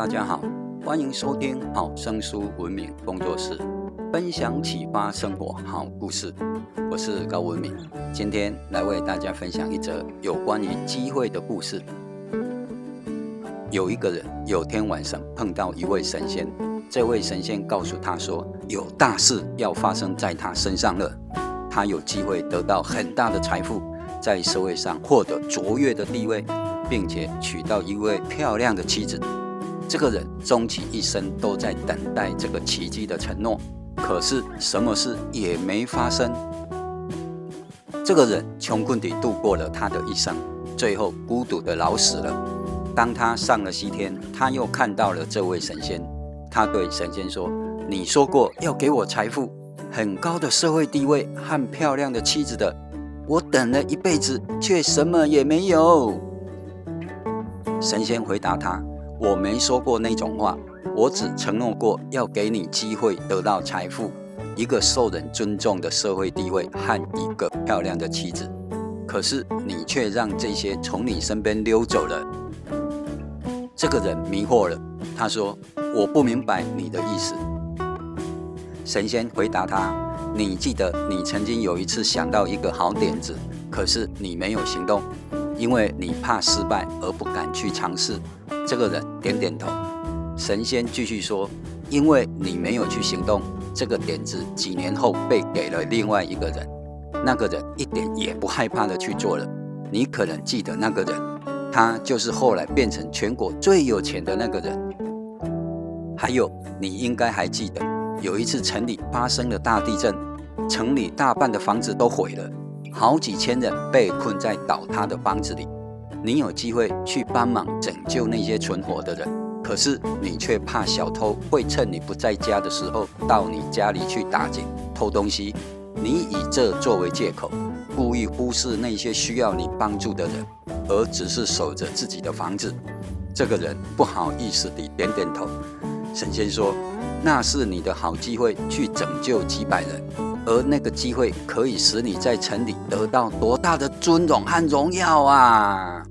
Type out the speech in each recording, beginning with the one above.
大家好，歡迎收聽好生書文明工作室，分享啟發生活好故事。我是高文明，今天來為大家分享一則有關於機會的故事。有一個人有天晚上碰到一位神仙，這位神仙告訴他說，有大事要發生在他身上了，他有機會得到很大的財富，在社會上獲得卓越的地位，並且娶到一位漂亮的妻子。這個人終其一生都在等待這個奇蹟的承諾，可是什麼事也沒發生。這個人窮困地度過了他的一生，最後孤獨地老死了。當他上了西天，他又看到了這位神仙。他對神仙說：“你說過要給我財富、很高的社會地位和漂亮的妻子的，我等了一輩子，卻什麼也沒有。”神仙回答他。我沒說過那種話，我只承諾過要給你機會得到財富、一個受人尊重的社會地位和一個漂亮的妻子。可是你卻讓這些從你身邊溜走了。這個人迷惑了，他說：“我不明白你的意思。”神仙回答他：“你記得你曾經有一次想到一個好點子，可是你沒有行動。”因為你怕失敗而不敢去嘗試，這個人點點頭。神仙繼續說：“因為你沒有去行動，這個點子幾年後被給了另外一個人，那個人一點也不害怕地去做了。你可能記得那個人，他就是後來變成全國最有錢的那個人。還有，你應該還記得，有一次城裡發生了大地震，城裡大半的房子都毀了。”好幾千人被困在倒塌的房子裡，你有機會去幫忙拯救那些存活的人，可是你卻怕小偷會趁你不在家的時候到你家裡去打劫偷東西。你以這作為借口，故意忽視那些需要你幫助的人，而只是守着自己的房子。這個人不好意思地點點頭。神仙說：“那是你的好機會，去拯救幾百人。”而那個機會可以使你在城裡得到多大的尊重和榮耀啊！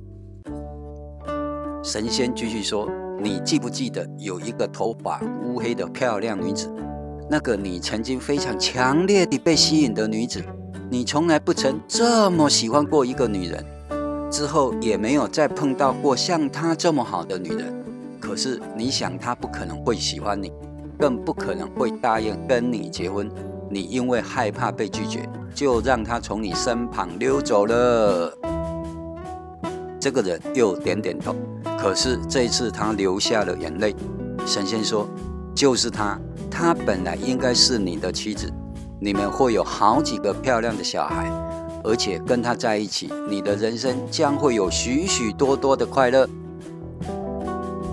神仙繼續說：“你記不記得有一個頭髮烏黑的漂亮女子，那個你曾經非常強烈的被吸引的女子？你從來不曾這麼喜歡過一個女人，之後也沒有再碰到過像她這麼好的女人。可是你想，她不可能會喜歡你，更不可能會答應跟你結婚。”你因為害怕被拒絕，就讓他從你身旁溜走了。這個人又點點頭，可是這一次他流下了眼淚。神仙說：“就是他，他本來應該是你的妻子，你們會有好幾個漂亮的小孩，而且跟他在一起，你的人生將會有許許多多的快樂。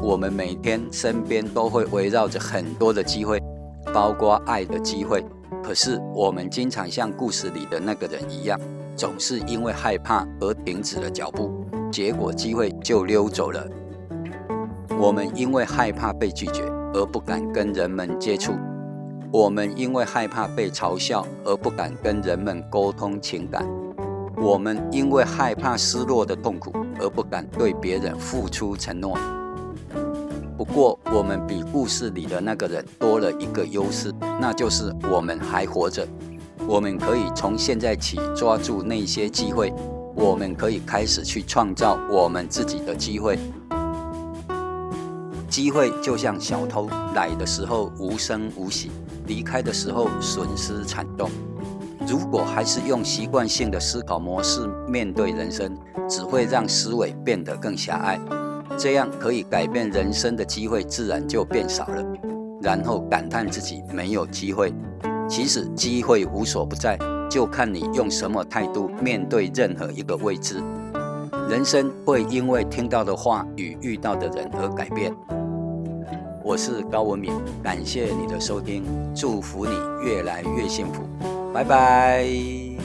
我們每天身邊都會圍繞着很多的機會，包括愛的機會。”可是，我們經常像故事裡的那個人一樣，總是因為害怕而停止了腳步，結果機會就溜走了。我們因為害怕被拒絕而不敢跟人們接觸，我們因為害怕被嘲笑而不敢跟人們溝通情感，我們因為害怕失落的痛苦而不敢對別人付出承諾。不過，我們比故事裡的那個人多了一個優勢，那就是我們還活着。我們可以從現在起抓住那些機會，我們可以開始去創造我們自己的機會。機會就像小偷，來的時候無聲無息，離開的時候損失慘重。如果還是用習慣性的思考模式面對人生，只會讓思維變得更狹隘。這樣可以改變人生的機會自然就變少了，然後感嘆自己沒有機會。其實機會無所不在，就看你用什麼態度面對任何一個位置。人生會因為聽到的話語、遇到的人而改變。我是高文明，感謝你的收聽，祝福你越來越幸福，拜拜。